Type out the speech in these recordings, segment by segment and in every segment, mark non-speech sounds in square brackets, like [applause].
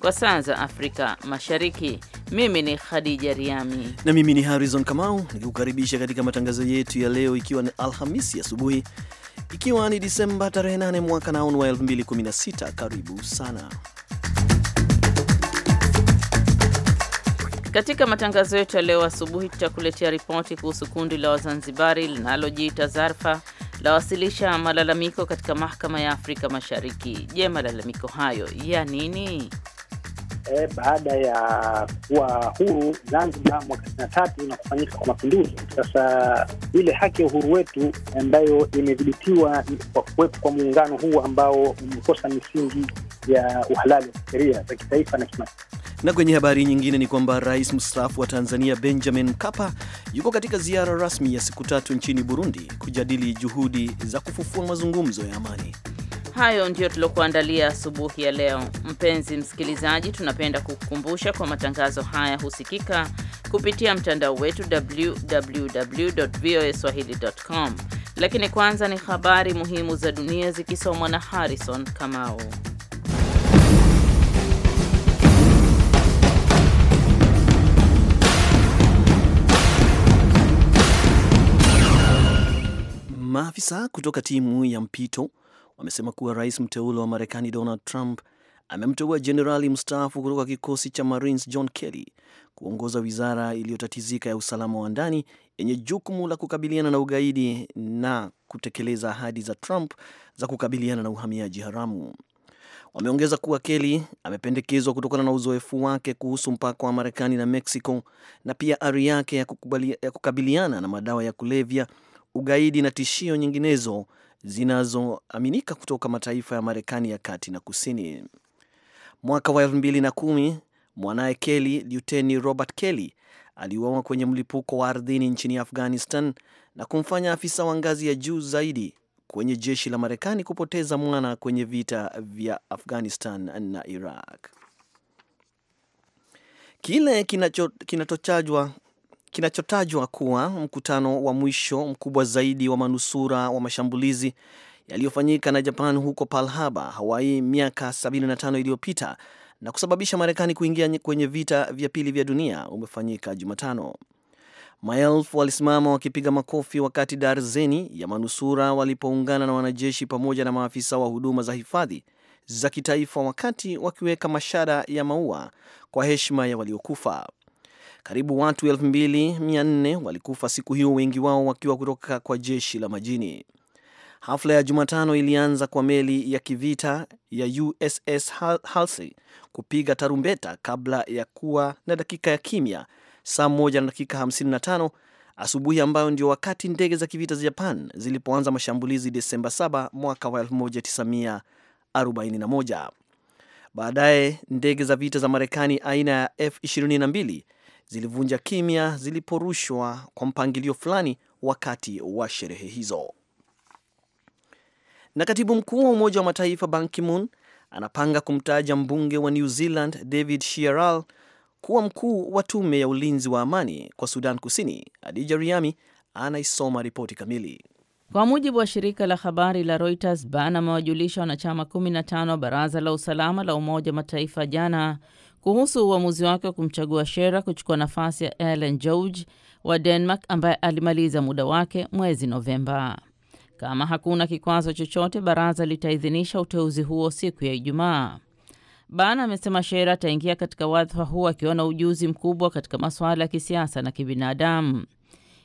kwa saa za Afrika Mashariki. Mimi ni Khadija Riami na mimi ni Harrison Kamau nikikukaribisha katika matangazo yetu ya leo, ikiwa ni Alhamisi asubuhi, ikiwa ni Disemba tarehe 8 mwaka naun wa 2016. Karibu sana Katika matangazo yetu ya leo asubuhi tutakuletea ripoti kuhusu kundi la Wazanzibari linalojiita Zarfa lawasilisha malalamiko katika mahakama ya Afrika Mashariki. Je, malalamiko hayo ya nini? eh, baada ya kuwa huru Zanzibar mwaka sitini na tatu na kufanyika kwa mapinduzi. Sasa ile haki ya uhuru wetu ambayo imedhibitiwa kwa kuwepo kwa muungano huu ambao umekosa misingi ya uhalali wa sheria za kitaifa na kimataifa. Na kwenye habari nyingine ni kwamba rais mstaafu wa Tanzania Benjamin Mkapa yuko katika ziara rasmi ya siku tatu nchini Burundi kujadili juhudi za kufufua mazungumzo ya amani. Hayo ndiyo tuliokuandalia asubuhi ya leo. Mpenzi msikilizaji, tunapenda kukukumbusha kwa matangazo haya husikika kupitia mtandao wetu www www.voaswahili.com. Lakini kwanza ni habari muhimu za dunia zikisomwa na Harrison Kamau. Maafisa kutoka timu ya mpito wamesema kuwa rais mteule wa Marekani Donald Trump amemteua jenerali mstaafu kutoka kikosi cha Marines John Kelly kuongoza wizara iliyotatizika ya usalama wa ndani yenye jukumu la kukabiliana na ugaidi na kutekeleza ahadi za Trump za kukabiliana na uhamiaji haramu. Wameongeza kuwa Kelly amependekezwa kutokana na uzoefu wake kuhusu mpaka wa Marekani na Mexico na pia ari yake ya kukabiliana na madawa ya kulevya, ugaidi na tishio nyinginezo zinazoaminika kutoka mataifa ya Marekani ya kati na kusini. Mwaka wa 2010 mwanaye Kelly, Luteni Robert Kelly, aliuawa kwenye mlipuko wa ardhini nchini Afghanistan na kumfanya afisa wa ngazi ya juu zaidi kwenye jeshi la Marekani kupoteza mwana kwenye vita vya Afghanistan na Iraq. Kile kinachotajwa kinachotajwa kuwa mkutano wa mwisho mkubwa zaidi wa manusura wa mashambulizi yaliyofanyika na Japan huko Pearl Harbor, Hawaii miaka 75 iliyopita na kusababisha Marekani kuingia kwenye vita vya pili vya dunia umefanyika Jumatano. Maelfu walisimama wakipiga makofi wakati darzeni ya manusura walipoungana na wanajeshi pamoja na maafisa wa huduma za hifadhi za kitaifa wakati wakiweka mashada ya maua kwa heshima ya waliokufa. Karibu watu 2400 walikufa siku hiyo, wengi wao wakiwa kutoka kwa jeshi la majini. Hafla ya Jumatano ilianza kwa meli ya kivita ya USS Halsey kupiga tarumbeta kabla ya kuwa na dakika ya kimya saa moja na dakika 55 asubuhi, ambayo ndio wakati ndege za kivita za Japan zilipoanza mashambulizi Desemba 7 mwaka wa 1941. Baadaye ndege za vita za Marekani aina ya F22 zilivunja kimya ziliporushwa kwa mpangilio fulani wakati wa sherehe hizo. Na katibu mkuu wa Umoja wa Mataifa Ban Ki-moon anapanga kumtaja mbunge wa New Zealand David Shearer kuwa mkuu wa tume ya ulinzi wa amani kwa Sudan Kusini. Adija Riami anaisoma ripoti kamili. Kwa mujibu wa shirika la habari la Reuters, Ban amewajulisha wanachama 15 wa Baraza la Usalama la Umoja wa Mataifa jana kuhusu uamuzi wake wa kumchagua Shera kuchukua nafasi ya Ellen George wa Denmark ambaye alimaliza muda wake mwezi Novemba. Kama hakuna kikwazo chochote, baraza litaidhinisha uteuzi huo siku ya Ijumaa. Bana amesema Shera ataingia katika wadhifa huu akiwa na ujuzi mkubwa katika masuala ya kisiasa na kibinadamu.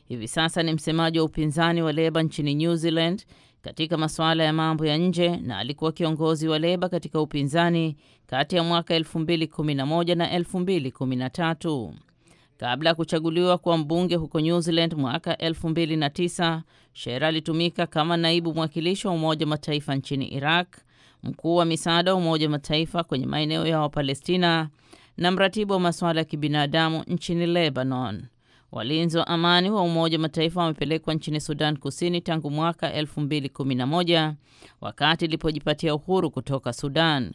Hivi sasa ni msemaji wa upinzani wa Leba nchini New Zealand, katika masuala ya mambo ya nje na alikuwa kiongozi wa Leba katika upinzani kati ya mwaka 2011 na 2013. Kabla ya kuchaguliwa kuwa mbunge huko New Zealand mwaka 2009, Shera alitumika kama naibu mwakilishi wa Umoja Mataifa nchini Iraq, mkuu wa misaada wa Umoja Mataifa kwenye maeneo ya Wapalestina na mratibu wa masuala ya kibinadamu nchini Lebanon. Walinzi wa amani wa Umoja wa Mataifa wamepelekwa nchini Sudan Kusini tangu mwaka 2011 wakati ilipojipatia uhuru kutoka Sudan.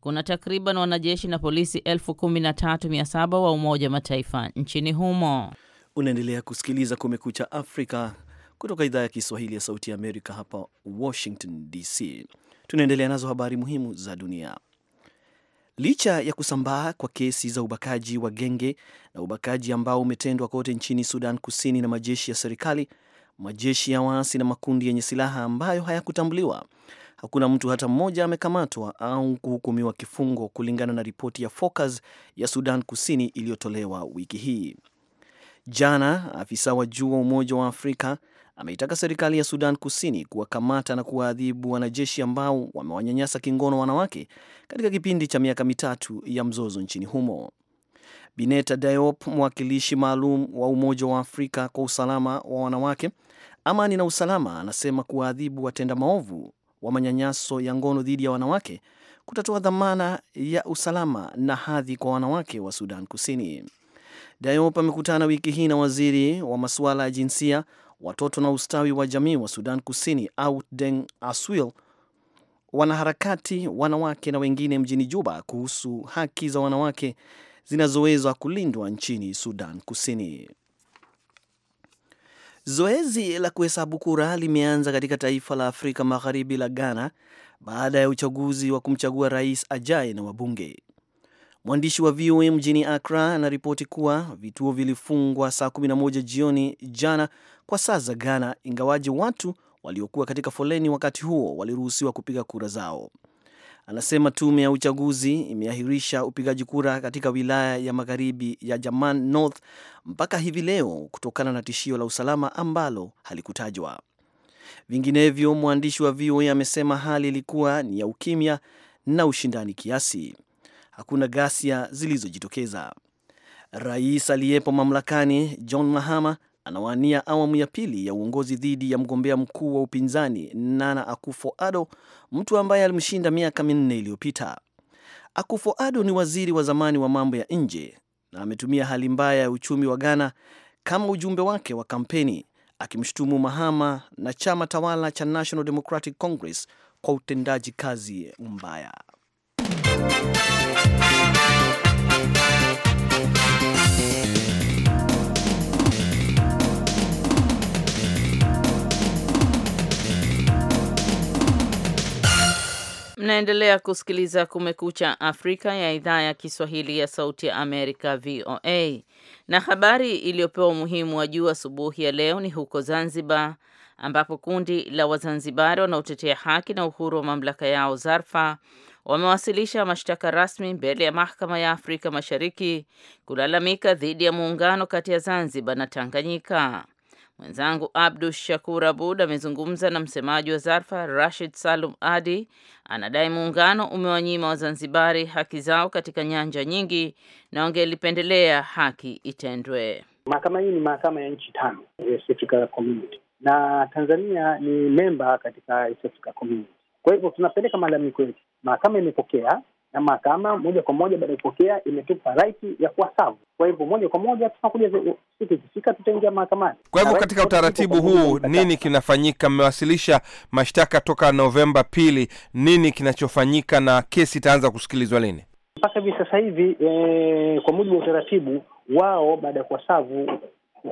Kuna takriban wanajeshi na polisi 13700 wa Umoja wa Mataifa nchini humo. Unaendelea kusikiliza Kumekucha Afrika kutoka idhaa ya Kiswahili ya Sauti ya Amerika hapa Washington DC. Tunaendelea nazo habari muhimu za dunia. Licha ya kusambaa kwa kesi za ubakaji wa genge na ubakaji ambao umetendwa kote nchini Sudan Kusini na majeshi ya serikali, majeshi ya waasi na makundi yenye silaha ambayo hayakutambuliwa, hakuna mtu hata mmoja amekamatwa au kuhukumiwa kifungo, kulingana na ripoti ya Focus ya Sudan Kusini iliyotolewa wiki hii. Jana afisa wa juu wa Umoja wa Afrika ameitaka serikali ya Sudan Kusini kuwakamata na kuwaadhibu wanajeshi ambao wamewanyanyasa kingono wanawake katika kipindi cha miaka mitatu ya mzozo nchini humo. Bineta Diop, mwakilishi maalum wa Umoja wa Afrika kwa usalama wa wanawake, amani na usalama, anasema kuwaadhibu watenda maovu wa manyanyaso ya ngono dhidi ya wanawake kutatoa dhamana ya usalama na hadhi kwa wanawake wa Sudan Kusini. Diop amekutana wiki hii na waziri wa masuala ya jinsia watoto na ustawi wa jamii wa Sudan Kusini au Deng Aswil, wanaharakati wanawake na wengine mjini Juba kuhusu haki za wanawake zinazoweza kulindwa nchini Sudan Kusini. Zoezi la kuhesabu kura limeanza katika taifa la Afrika Magharibi la Ghana baada ya uchaguzi wa kumchagua rais ajaye na wabunge. Mwandishi wa VOA mjini Accra anaripoti kuwa vituo vilifungwa saa 11 jioni jana kwa saa za Ghana, ingawaje watu waliokuwa katika foleni wakati huo waliruhusiwa kupiga kura zao. Anasema tume ya uchaguzi imeahirisha upigaji kura katika wilaya ya magharibi ya Jaman North mpaka hivi leo kutokana na tishio la usalama ambalo halikutajwa. Vinginevyo, mwandishi wa VOA amesema hali ilikuwa ni ya ukimya na ushindani kiasi hakuna ghasia zilizojitokeza. Rais aliyepo mamlakani John Mahama anawania awamu ya pili ya uongozi dhidi ya mgombea mkuu wa upinzani Nana akufo ado mtu ambaye alimshinda miaka minne iliyopita. akufo ado ni waziri wa zamani wa mambo ya nje na ametumia hali mbaya ya uchumi wa Ghana kama ujumbe wake wa kampeni, akimshutumu Mahama na chama tawala cha National Democratic Congress kwa utendaji kazi mbaya. Mnaendelea kusikiliza Kumekucha Afrika ya idhaa ya Kiswahili ya Sauti ya Amerika, VOA. Na habari iliyopewa umuhimu wa juu asubuhi ya leo ni huko Zanzibar, ambapo kundi la Wazanzibari wanaotetea haki na uhuru wa mamlaka yao ZARFA wamewasilisha mashtaka rasmi mbele ya mahakama ya Afrika Mashariki kulalamika dhidi ya muungano kati ya Zanzibar na Tanganyika. Mwenzangu Abdu Shakur Abud amezungumza na msemaji wa Zarfa, Rashid Salum Adi, anadai muungano umewanyima Wazanzibari haki zao katika nyanja nyingi na wangelipendelea haki itendwe. Mahakama hii ni mahakama ya nchi tano East Africa Community, na Tanzania ni memba katika East Africa Community kwa hivyo tunapeleka malalamiko yetu, mahakama imepokea na mahakama moja kwa moja baada ya kupokea imetupa raiti ya savu. Kwa hivyo moja kwa moja tunakuja siku ikifika, tutaingia mahakamani. Kwa hivyo katika utaratibu huu nini kinafanyika? Mmewasilisha mashtaka toka Novemba pili, nini kinachofanyika na kesi itaanza kusikilizwa lini? Mpaka hivi sasa hivi, e, kwa mujibu wa utaratibu wao, baada ya kuwasavu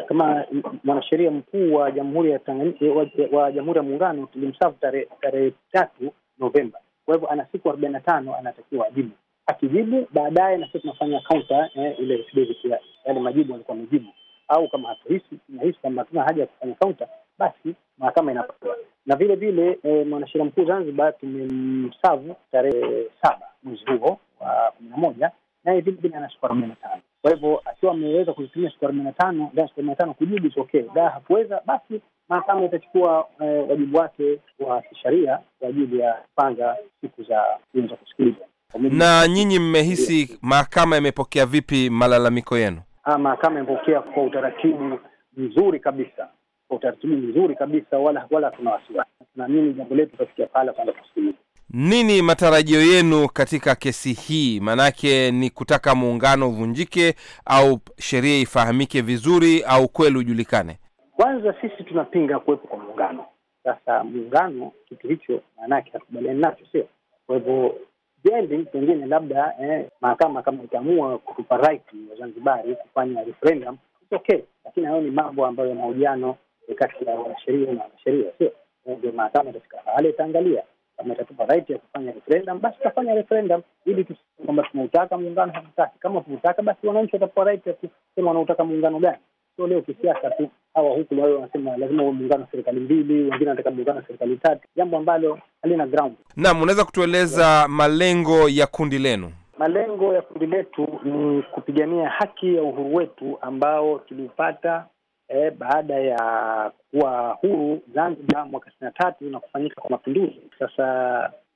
kama mwanasheria mkuu wa jamhuri ya eh, wa jamhuri ya muungano tulimsafu tarehe tatu Novemba. Kwa hivyo ana siku arobaini na tano anatakiwa ajibu. Akijibu baadaye, na sisi tunafanya kaunta eh, ile ya yale majibu alikuwa amejibu, au kama hatuhisi tunahisi kwamba hatuna haja ya kufanya kaunta, basi mahakama inapata. Na vile vile eh, mwanasheria mkuu Zanzibar tumemsavu tarehe saba mwezi huo wa kumi na moja, naye vile vile ana siku arobaini na tano. Kwa hivyo akiwa ameweza kuzitumia siku arobaini na tano da ya siku arobaini na tano kujibu tokeo okay, hakuweza basi, mahakama itachukua eh, wajibu wake wa kisheria kwa ajili ya kupanga siku za za kusikiliza. Na nyinyi mmehisi mahakama imepokea vipi malalamiko yenu? Ah, mahakama imepokea kwa utaratibu mzuri kabisa, kwa utaratibu mzuri kabisa, wala wala hatuna wasiwasi. Tunaamini jambo letu utafikia pahala kwenda kusikiliza. Nini matarajio yenu katika kesi hii? Maanake ni kutaka muungano uvunjike au sheria ifahamike vizuri au kweli ujulikane? Kwanza sisi tunapinga kuwepo kwa muungano. Sasa muungano, kitu hicho maanake hakubaliani nacho, sio? Kwa hivyo jendi pengine labda eh, mahakama kama itaamua kutupa right wa Zanzibari kufanya referendum okay, lakini hayo ni mambo ambayo yana mahojiano kati ya wanasheria na wanasheria, sio? Eh, ndio mahakama itafika pale itaangalia kama itatupa right ya kufanya referendum, basi tutafanya referendum ili tuseme kwamba tunautaka muungano, hatutaki. Kama tuutaka, basi wananchi watapewa right ya kusema wanautaka muungano gani. Sio leo kisiasa tu, hawa huku wao wanasema lazima uwe muungano wa serikali mbili, wengine wanataka muungano wa serikali tatu, jambo ambalo halina ground. Naam, unaweza kutueleza malengo ya kundi lenu? Malengo ya kundi letu ni kupigania haki ya uhuru wetu ambao tuliupata eh, baada ya kuwa huru Zanzibar mwaka sitini na tatu na kufanyika kwa mapinduzi. Sasa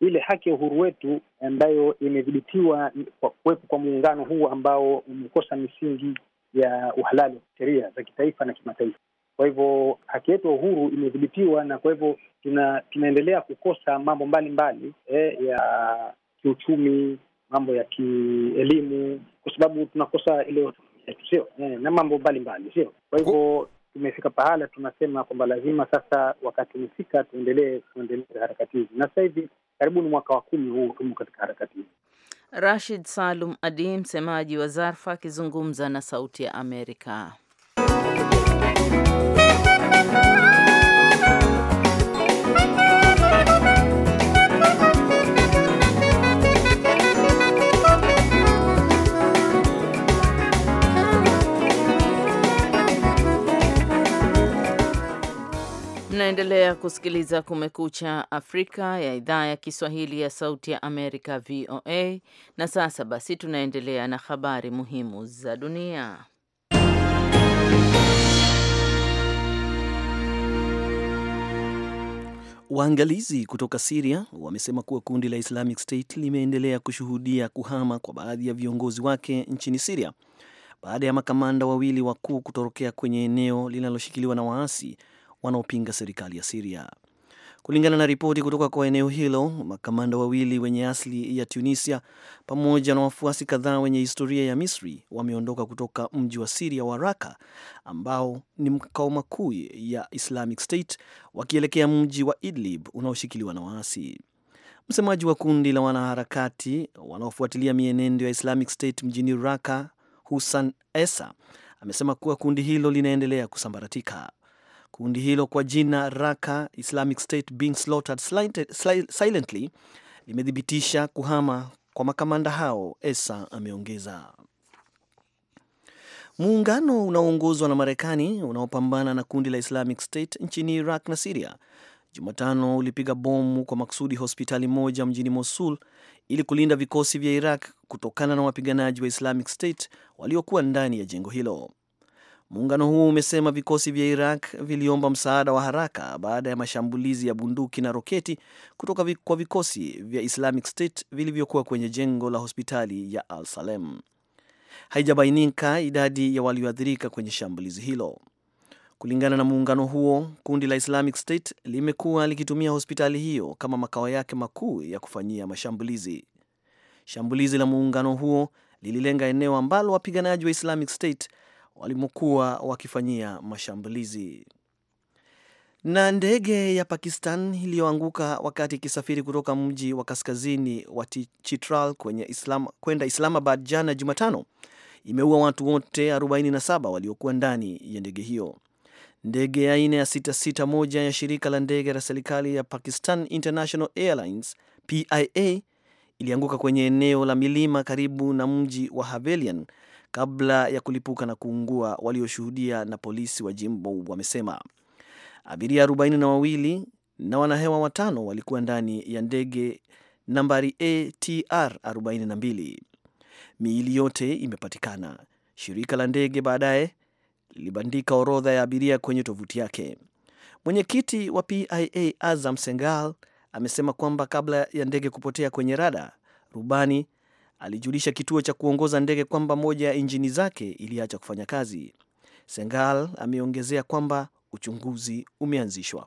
ile haki ya uhuru wetu ambayo imedhibitiwa kwa kuwepo kwa muungano huu ambao umekosa misingi ya uhalali wa kisheria za kitaifa na kimataifa. Kwa hivyo haki yetu ya uhuru imedhibitiwa, na kwa hivyo tuna, tunaendelea kukosa mambo mbalimbali mbali, eh, ya kiuchumi, mambo ya kielimu, kwa sababu tunakosa ile yetu, sio eh, na mambo mbalimbali, sio? Kwa hivyo tumefika pahala tunasema kwamba lazima sasa wakati umefika tuendelee kuendeleza harakati hizi, na sasa hivi karibu ni mwaka wa kumi huu tumo katika harakati hizi. Rashid Salum Adi, msemaji wa Zarfa, akizungumza na Sauti ya Amerika. Mnaendelea kusikiliza Kumekucha Afrika ya idhaa ya Kiswahili ya Sauti ya Amerika, VOA. Na sasa basi, tunaendelea na habari muhimu za dunia. Waangalizi kutoka Siria wamesema kuwa kundi la Islamic State limeendelea kushuhudia kuhama kwa baadhi ya viongozi wake nchini Siria baada ya makamanda wawili wakuu kutorokea kwenye eneo linaloshikiliwa na waasi wanaopinga serikali ya Siria. Kulingana na ripoti kutoka kwa eneo hilo, makamanda wawili wenye asili ya Tunisia pamoja na wafuasi kadhaa wenye historia ya Misri wameondoka kutoka mji wa Siria wa Raka ambao ni makao makuu ya Islamic State wakielekea mji wa Idlib unaoshikiliwa na waasi. Msemaji wa kundi la wanaharakati wanaofuatilia mienendo ya Islamic State mjini Raka, Husan Esa, amesema kuwa kundi hilo linaendelea kusambaratika. Kundi hilo kwa jina Raka Islamic State Being Slaughtered Silently limethibitisha kuhama kwa makamanda hao, Esa ameongeza. Muungano unaoongozwa na Marekani unaopambana na kundi la Islamic State nchini Iraq na Siria Jumatano ulipiga bomu kwa makusudi hospitali moja mjini Mosul ili kulinda vikosi vya Iraq kutokana na wapiganaji wa Islamic State waliokuwa ndani ya jengo hilo. Muungano huo umesema vikosi vya Iraq viliomba msaada wa haraka baada ya mashambulizi ya bunduki na roketi kutoka kwa vikosi vya Islamic State vilivyokuwa kwenye jengo la hospitali ya Al Salem. Haijabainika idadi ya walioathirika kwenye shambulizi hilo. Kulingana na muungano huo, kundi la Islamic State limekuwa likitumia hospitali hiyo kama makao yake makuu ya kufanyia mashambulizi. Shambulizi la muungano huo lililenga eneo ambalo wapiganaji wa Islamic State walimokuwa wakifanyia mashambulizi. Na ndege ya Pakistan iliyoanguka wakati ikisafiri kutoka mji wa kaskazini wa Chitral kwenda Islam, Islamabad jana Jumatano imeua watu wote 47 waliokuwa ndani ya ndege hiyo. Ndege ya aina ya 661 ya shirika la ndege la serikali ya Pakistan International Airlines PIA ilianguka kwenye eneo la milima karibu na mji wa Havelian kabla ya kulipuka na kuungua, walioshuhudia na polisi wa jimbo wamesema. Abiria arobaini na wawili na wanahewa watano walikuwa ndani ya ndege nambari ATR 42. Miili yote imepatikana. Shirika la ndege baadaye lilibandika orodha ya abiria kwenye tovuti yake. Mwenyekiti wa PIA Azam Sengal amesema kwamba kabla ya ndege kupotea kwenye rada, rubani alijulisha kituo cha kuongoza ndege kwamba moja ya injini zake iliacha kufanya kazi. sengal ameongezea kwamba uchunguzi umeanzishwa.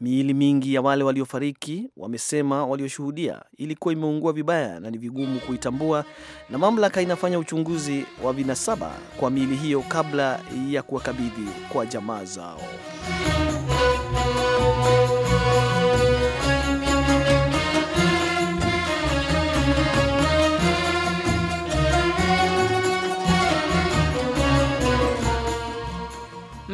Miili mingi ya wale waliofariki, wamesema walioshuhudia, ilikuwa imeungua vibaya na ni vigumu kuitambua, na mamlaka inafanya uchunguzi wa vinasaba kwa miili hiyo kabla ya kuwakabidhi kwa jamaa zao.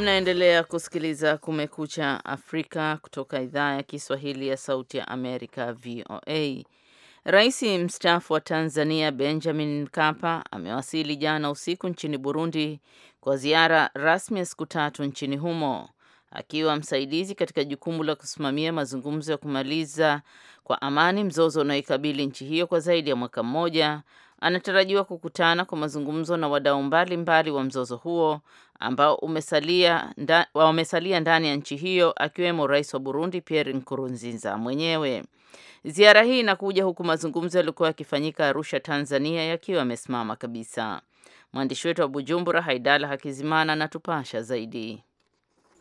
Mnaendelea kusikiliza Kumekucha Afrika kutoka idhaa ya Kiswahili ya Sauti ya Amerika, VOA. Rais mstaafu wa Tanzania Benjamin Mkapa amewasili jana usiku nchini Burundi kwa ziara rasmi ya siku tatu nchini humo akiwa msaidizi katika jukumu la kusimamia mazungumzo ya kumaliza kwa amani mzozo unaoikabili nchi hiyo kwa zaidi ya mwaka mmoja. Anatarajiwa kukutana kwa mazungumzo na wadau mbalimbali wa mzozo huo ambao umesalia nda, wamesalia ndani ya nchi hiyo akiwemo rais wa Burundi Pierre Nkurunziza mwenyewe. Ziara hii inakuja huku mazungumzo yalikuwa yakifanyika Arusha, Tanzania yakiwa yamesimama kabisa. Mwandishi wetu wa Bujumbura Haidala Hakizimana anatupasha zaidi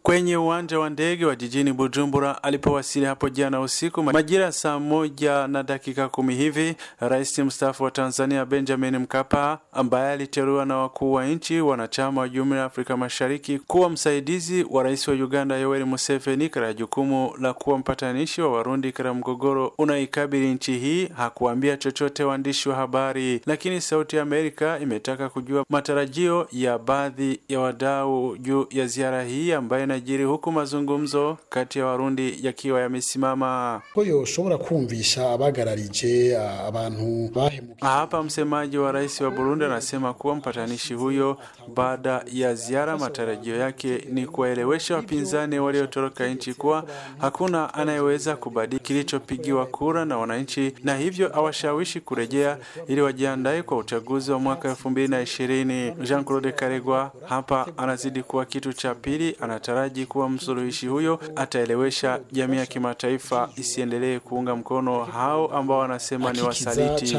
kwenye uwanja wa ndege wa jijini Bujumbura alipowasili hapo jana usiku majira saa moja na dakika kumi hivi, rais mstaafu wa Tanzania Benjamin Mkapa ambaye aliteuliwa na wakuu wa nchi wanachama wa Jumuiya ya Afrika Mashariki kuwa msaidizi wa rais wa Uganda Yoweri Museveni katika jukumu la kuwa mpatanishi wa Warundi katika mgogoro unaikabili nchi hii hakuambia chochote waandishi wa habari, lakini Sauti ya Amerika imetaka kujua matarajio ya baadhi ya wadau juu ya ziara hii ambayo yanajiri huku mazungumzo kati ya Warundi yakiwa yamesimama. koyo ushobora kumvisha abagararije abantu bahemuka. Hapa msemaji wa rais wa Burundi anasema kuwa mpatanishi huyo baada ya ziara, matarajio yake ni kuwaelewesha wapinzani waliotoroka nchi kuwa hakuna anayeweza kubadili kilichopigiwa kura na wananchi, na hivyo awashawishi kurejea ili wajiandae kwa uchaguzi wa mwaka elfu mbili na ishirini. Jean Claude Karegwa hapa anazidi kuwa kitu cha pili anataraji anahitaji kuwa msuluhishi huyo ataelewesha jamii ya kimataifa isiendelee kuunga mkono hao ambao wanasema ni wasaliti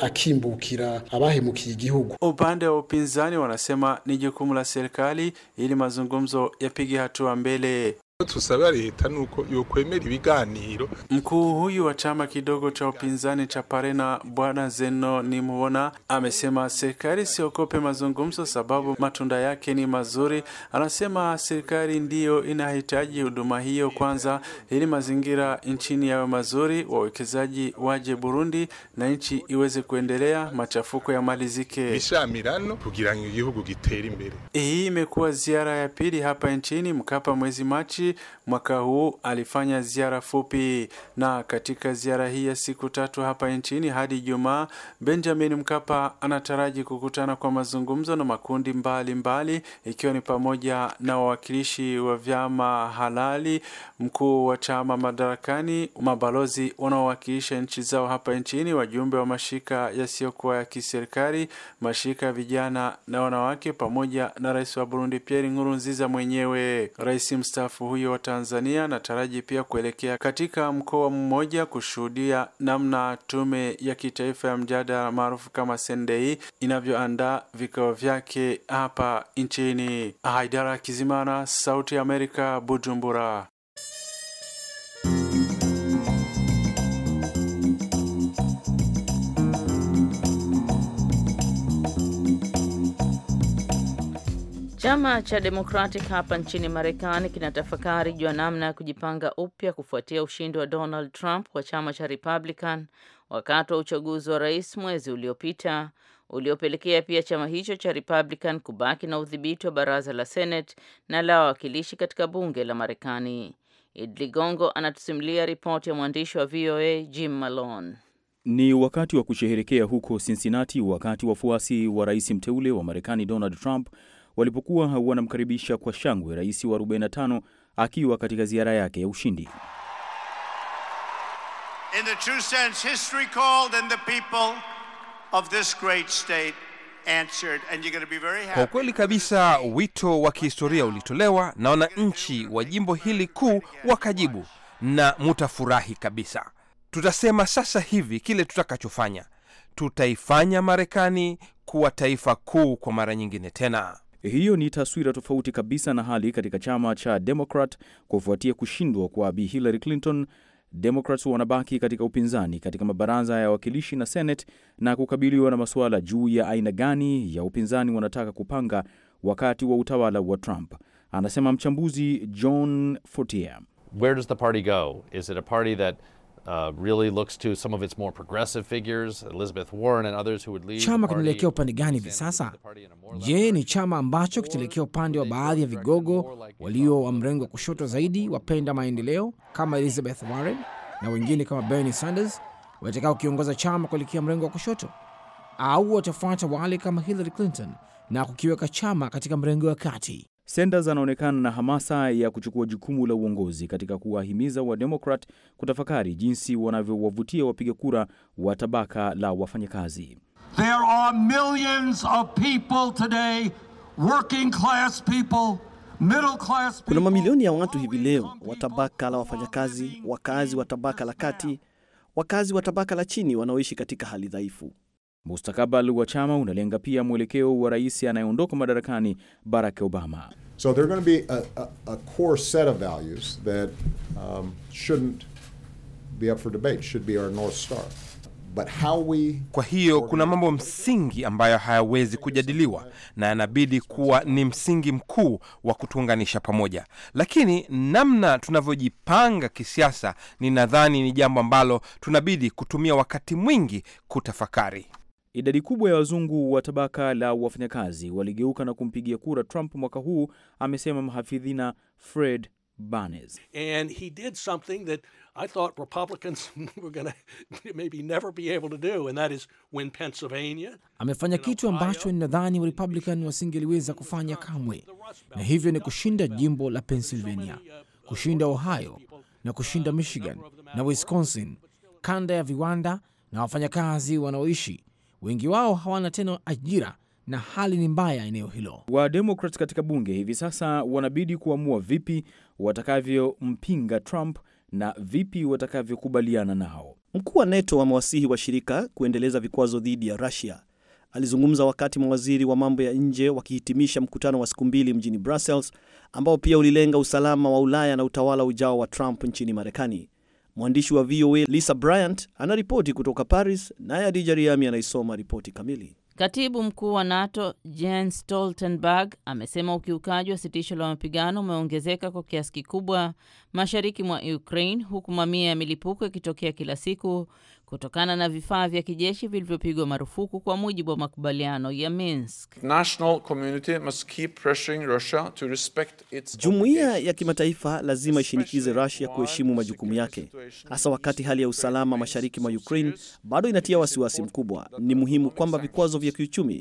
akimbukira abahemukiye igihugu. Upande wa upinzani wanasema ni jukumu la serikali ili mazungumzo yapige hatua mbele. Tusaba leta nuko yokwemera ibiganiro. Mkuu huyu wa chama kidogo cha upinzani cha Parena Bwana Zeno Nimwona amesema serikali siokope mazungumzo, sababu matunda yake ni mazuri. Anasema serikali ndiyo inahitaji huduma hiyo kwanza, ili mazingira nchini yawe mazuri, wawekezaji waje Burundi na nchi iweze kuendelea, machafuko yamalizike. Mishamirano kugira Hii imekuwa ziara ya pili hapa nchini. Mkapa mwezi Machi mwaka huu alifanya ziara fupi, na katika ziara hii ya siku tatu hapa nchini hadi Ijumaa, Benjamin Mkapa anataraji kukutana kwa mazungumzo na makundi mbalimbali mbali, ikiwa ni pamoja na wawakilishi wa vyama halali, mkuu wa chama madarakani, mabalozi wanaowakilisha nchi zao hapa nchini, wajumbe wa mashirika yasiyokuwa ya kiserikali, mashirika ya vijana na wanawake, pamoja na rais wa Burundi Pierre Nkurunziza mwenyewe. Rais mstaafu huyo huyo wa Tanzania nataraji pia kuelekea katika mkoa mmoja kushuhudia namna tume ya kitaifa ya mjadala maarufu kama Sendei inavyoandaa vikao vyake hapa nchini. Haidara Kizimana, Sauti ya Amerika, Bujumbura. Chama cha Democratic hapa nchini Marekani kinatafakari juu ya namna ya kujipanga upya kufuatia ushindi wa Donald Trump kwa chama cha Republican wakati wa uchaguzi wa rais mwezi uliopita uliopelekea pia chama hicho cha Republican kubaki na udhibiti wa baraza la Senate na la wawakilishi katika bunge la Marekani. Id Ligongo anatusimulia ripoti ya mwandishi wa VOA Jim Malone. Ni wakati wa kusherehekea huko Cincinnati, wakati wafuasi wa rais mteule wa Marekani Donald Trump walipokuwa wanamkaribisha kwa shangwe rais wa 45 akiwa katika ziara yake ya ushindi. In the true sense, history called and the people of this great state answered and you're going to be very happy. Kwa kweli kabisa wito wa kihistoria ulitolewa na wananchi wa jimbo hili kuu wakajibu, na mutafurahi kabisa. Tutasema sasa hivi kile tutakachofanya, tutaifanya Marekani kuwa taifa kuu kwa mara nyingine tena. Hiyo ni taswira tofauti kabisa na hali katika chama cha demokrat kufuatia kushindwa kwa Bi Hillary Clinton. Demokrats wanabaki katika upinzani katika mabaraza ya wakilishi na Senate na kukabiliwa na masuala juu ya aina gani ya upinzani wanataka kupanga wakati wa utawala wa Trump, anasema mchambuzi John Fortier. Where does the party go? Is it a party that Uh, really looks to some of its more progressive figures, Elizabeth Warren and others who would Chama kinaelekea upande gani hivi sasa? Je, ni chama ambacho kitaelekea upande wa baadhi ya vigogo walio wa mrengo wa kushoto zaidi, wapenda maendeleo kama Elizabeth Warren na wengine kama Bernie Sanders watakao kiongoza chama kuelekea mrengo wa kushoto, au watafuata wale kama Hillary Clinton na kukiweka chama katika mrengo wa kati? Sanders anaonekana na hamasa ya kuchukua jukumu la uongozi katika kuwahimiza Wademokrat kutafakari jinsi wanavyowavutia wapiga kura wa tabaka la wafanyakazi. There are millions of people today, working class people, middle class people. Kuna mamilioni ya watu hivi leo wa tabaka la wafanyakazi, wakazi wa tabaka la kati, wakazi wa tabaka la chini wanaoishi katika hali dhaifu. Mustakabali wa chama unalenga pia mwelekeo wa rais anayeondoka madarakani Barack Obama. So there are going to be a, a, a core set of values that um, shouldn't be up for debate, should be our north star. But how we... Kwa hiyo kuna mambo msingi ambayo hayawezi kujadiliwa na yanabidi kuwa ni msingi mkuu wa kutuunganisha pamoja, lakini namna tunavyojipanga kisiasa, ni nadhani ni jambo ambalo tunabidi kutumia wakati mwingi kutafakari. Idadi kubwa ya wazungu wa tabaka la wafanyakazi waligeuka na kumpigia kura Trump mwaka huu, amesema mhafidhina Fred Barnes. And he did something that I thought Republicans [laughs] were going [laughs] to maybe never be able to do and that is win Pennsylvania. Amefanya kitu ambacho ninadhani wa Republican wasingeliweza kufanya kamwe, na hivyo ni kushinda jimbo la uh, Pennsylvania, uh, kushinda Ohio na kushinda uh, Michigan na Wisconsin, kanda ya viwanda na wafanyakazi wanaoishi wengi wao hawana tena ajira na hali ni mbaya eneo hilo. Wademokrat katika bunge hivi sasa wanabidi kuamua vipi watakavyompinga Trump na vipi watakavyokubaliana nao. Mkuu wa NATO amewasihi wa washirika kuendeleza vikwazo dhidi ya Rusia. Alizungumza wakati mawaziri wa mambo ya nje wakihitimisha mkutano wa siku mbili mjini Brussels, ambao pia ulilenga usalama wa Ulaya na utawala ujao wa Trump nchini Marekani. Mwandishi wa VOA Lisa Bryant anaripoti kutoka Paris, naye Adija Riami anaisoma ripoti kamili. Katibu mkuu wa NATO Jens Stoltenberg amesema ukiukaji wa sitisho la mapigano umeongezeka kwa kiasi kikubwa mashariki mwa Ukraine, huku mamia ya milipuko ikitokea kila siku kutokana na vifaa vya kijeshi vilivyopigwa marufuku kwa mujibu wa makubaliano ya Minsk. Jumuiya ya kimataifa lazima ishinikize Russia kuheshimu majukumu yake, hasa wakati hali ya usalama mashariki mwa Ukraine bado inatia wasiwasi mkubwa. Ni muhimu kwamba vikwazo vya kiuchumi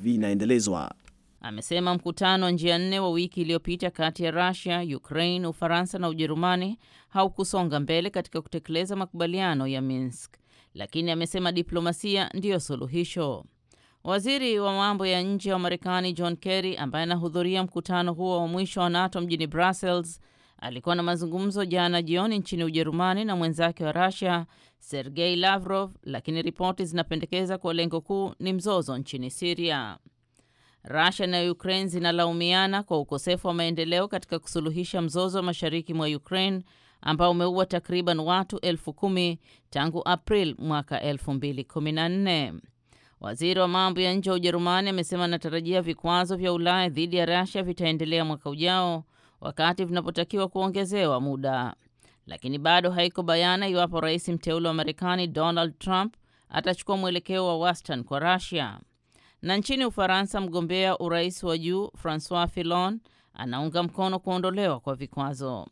vinaendelezwa. Amesema mkutano wa njia nne wa wiki iliyopita kati ya Russia, Ukraine, Ufaransa na Ujerumani haukusonga mbele katika kutekeleza makubaliano ya Minsk lakini amesema diplomasia ndiyo suluhisho. Waziri wa mambo ya nje wa Marekani John Kerry, ambaye anahudhuria mkutano huo wa mwisho wa NATO mjini Brussels, alikuwa na mazungumzo jana jioni nchini Ujerumani na mwenzake wa rusia Sergei Lavrov, lakini ripoti zinapendekeza kuwa lengo kuu ni mzozo nchini Siria. Russia na Ukraine zinalaumiana kwa ukosefu wa maendeleo katika kusuluhisha mzozo wa mashariki mwa Ukraine ambao umeua takriban watu elfu kumi tangu April mwaka elfu Waziri wa mambo ya nje wa Ujerumani amesema anatarajia vikwazo vya Ulaya dhidi ya Russia vitaendelea mwaka ujao wakati vinapotakiwa kuongezewa muda, lakini bado haiko bayana iwapo rais mteule wa Marekani Donald Trump atachukua mwelekeo wa wastani kwa Russia. Na nchini Ufaransa, mgombea urais wa juu Francois Fillon anaunga mkono kuondolewa kwa vikwazo.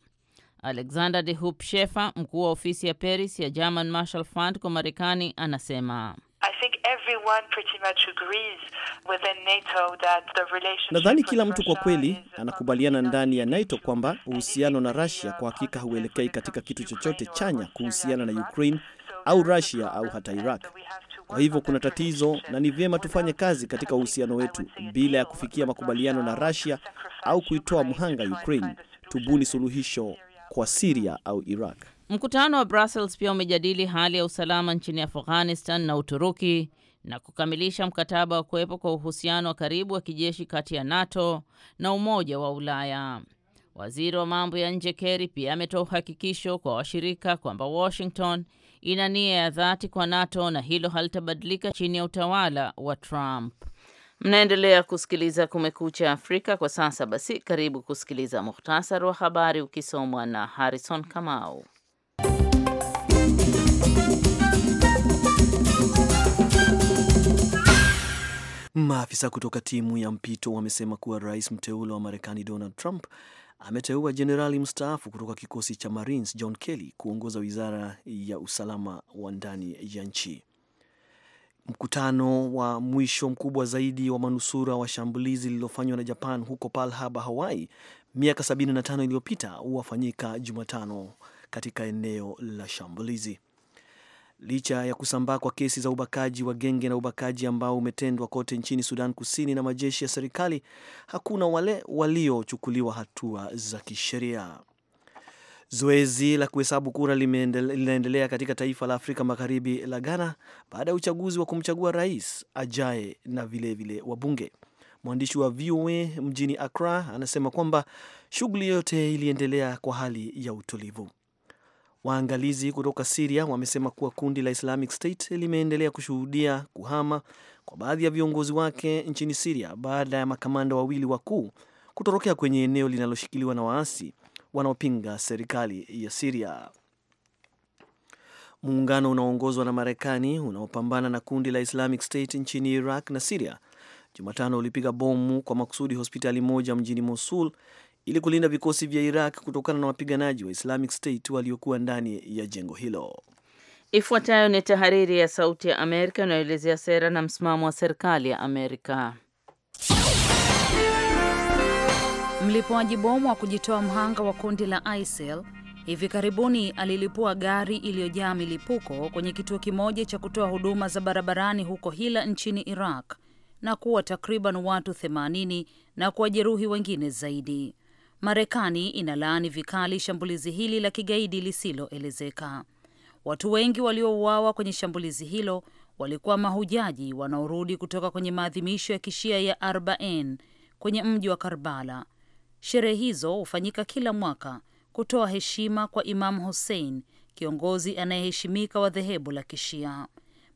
Alexander de Hoop Scheffer, mkuu wa ofisi ya Paris ya German Marshall Fund kwa Marekani, anasema nadhani kila mtu kwa kweli anakubaliana ndani ya NATO kwamba uhusiano na Russia kwa hakika hauelekei katika kitu chochote chanya kuhusiana na Ukraine au Russia au hata Iraq. Kwa hivyo kuna tatizo na ni vyema tufanye kazi katika uhusiano wetu bila ya kufikia makubaliano na Russia au kuitoa mhanga Ukraine. Tubuni suluhisho kwa Siria au Iraq. Mkutano wa Brussels pia umejadili hali ya usalama nchini Afghanistan na Uturuki na kukamilisha mkataba wa kuwepo kwa uhusiano wa karibu wa kijeshi kati ya NATO na Umoja wa Ulaya. Waziri wa mambo ya nje Kerry pia ametoa uhakikisho kwa washirika kwamba Washington ina nia ya dhati kwa NATO na hilo halitabadilika chini ya utawala wa Trump. Mnaendelea kusikiliza Kumekucha Afrika kwa sasa. Basi karibu kusikiliza muhtasari wa habari ukisomwa na Harrison Kamau. Maafisa kutoka timu ya mpito wamesema kuwa rais mteule wa Marekani Donald Trump ameteua jenerali mstaafu kutoka kikosi cha Marines John Kelly kuongoza wizara ya usalama wa ndani ya nchi. Mkutano wa mwisho mkubwa zaidi wa manusura wa shambulizi lililofanywa na Japan huko Pearl Harbor, Hawaii miaka 75 iliyopita wafanyika Jumatano katika eneo la shambulizi. Licha ya kusambaa kwa kesi za ubakaji wa genge na ubakaji ambao umetendwa kote nchini Sudan Kusini na majeshi ya serikali, hakuna wale waliochukuliwa hatua za kisheria. Zoezi la kuhesabu kura linaendelea katika taifa la Afrika Magharibi la Ghana baada ya uchaguzi wa kumchagua rais ajaye na vilevile wabunge. Mwandishi wa VOA mjini Accra anasema kwamba shughuli yote iliendelea kwa hali ya utulivu. Waangalizi kutoka Siria wamesema kuwa kundi la Islamic State limeendelea kushuhudia kuhama kwa baadhi ya viongozi wake nchini Siria baada ya makamanda wawili wakuu kutorokea kwenye eneo linaloshikiliwa na waasi wanaopinga serikali ya Siria. Muungano unaoongozwa na Marekani unaopambana na kundi la Islamic State nchini Iraq na Siria Jumatano ulipiga bomu kwa makusudi hospitali moja mjini Mosul ili kulinda vikosi vya Iraq kutokana na wapiganaji wa Islamic State waliokuwa ndani ya jengo hilo. Ifuatayo ni tahariri ya Sauti ya Amerika inayoelezea sera na msimamo wa serikali ya Amerika. Mlipuaji bomu wa kujitoa mhanga wa kundi la ISIL e hivi karibuni alilipua gari iliyojaa milipuko kwenye kituo kimoja cha kutoa huduma za barabarani huko Hila nchini Iraq na kuwa takriban watu 80 na kuwajeruhi wengine zaidi. Marekani inalaani vikali shambulizi hili la kigaidi lisiloelezeka. Watu wengi waliouawa kwenye shambulizi hilo walikuwa mahujaji wanaorudi kutoka kwenye maadhimisho ya kishia ya Arbaen kwenye mji wa Karbala Sherehe hizo hufanyika kila mwaka kutoa heshima kwa Imam Hussein, kiongozi anayeheshimika wa dhehebu la Kishia.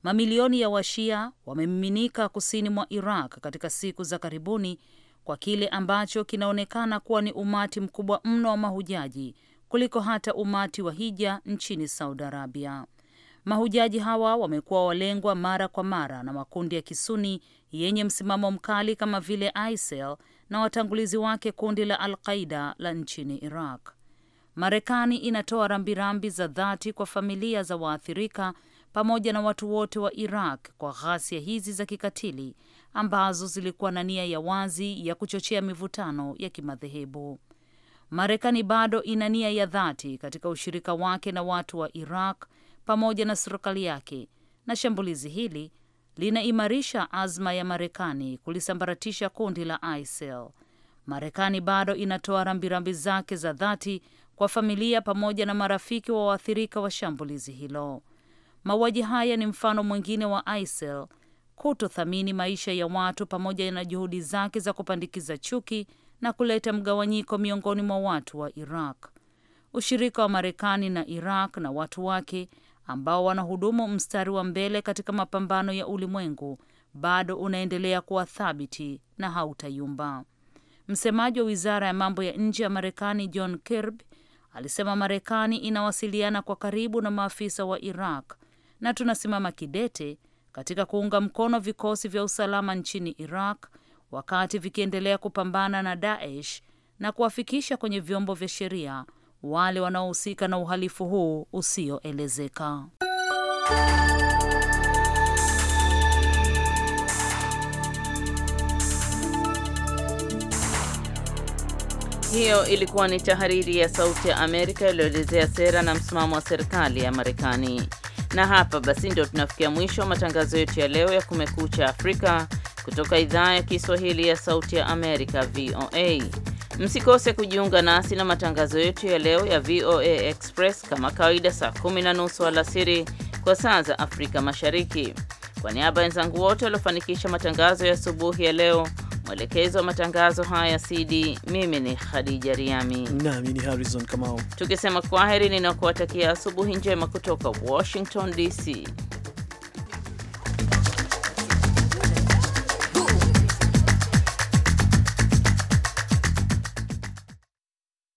Mamilioni ya Washia wamemiminika kusini mwa Iraq katika siku za karibuni kwa kile ambacho kinaonekana kuwa ni umati mkubwa mno wa mahujaji kuliko hata umati wa hija nchini Saudi Arabia. Mahujaji hawa wamekuwa walengwa mara kwa mara na makundi ya kisuni yenye msimamo mkali kama vile ISIL na watangulizi wake kundi la Al-Qaida la nchini Iraq. Marekani inatoa rambirambi za dhati kwa familia za waathirika pamoja na watu wote wa Iraq kwa ghasia hizi za kikatili ambazo zilikuwa na nia ya wazi ya kuchochea mivutano ya kimadhehebu. Marekani bado ina nia ya dhati katika ushirika wake na watu wa Iraq pamoja na serikali yake, na shambulizi hili linaimarisha azma ya Marekani kulisambaratisha kundi la ISIL. Marekani bado inatoa rambirambi zake za dhati kwa familia pamoja na marafiki wa waathirika wa shambulizi hilo. Mauaji haya ni mfano mwingine wa ISIL kutothamini maisha ya watu pamoja na juhudi zake za kupandikiza chuki na kuleta mgawanyiko miongoni mwa watu wa Iraq. Ushirika wa Marekani na Iraq na watu wake ambao wanahudumu mstari wa mbele katika mapambano ya ulimwengu bado unaendelea kuwa thabiti na hautayumba. Msemaji wa wizara ya mambo ya nje ya Marekani John Kirby alisema Marekani inawasiliana kwa karibu na maafisa wa Iraq na tunasimama kidete katika kuunga mkono vikosi vya usalama nchini Iraq wakati vikiendelea kupambana na Daesh na kuwafikisha kwenye vyombo vya sheria wale wanaohusika na uhalifu huu usioelezeka. Hiyo ilikuwa ni tahariri ya Sauti ya Amerika iliyoelezea sera na msimamo wa serikali ya Marekani. Na hapa basi ndio tunafikia mwisho wa matangazo yetu ya leo ya Kumekucha Afrika kutoka idhaa ya Kiswahili ya Sauti ya Amerika, VOA. Msikose kujiunga nasi na matangazo yetu ya leo ya VOA Express kama kawaida, saa kumi na nusu alasiri kwa saa za Afrika Mashariki. Kwa niaba ya wenzangu wote waliofanikisha matangazo ya asubuhi ya leo, mwelekezi wa matangazo haya CD, mimi ni Khadija Riami nami ni Harrison Kamau, tukisema kwaheri ninakuwatakia asubuhi njema kutoka Washington DC.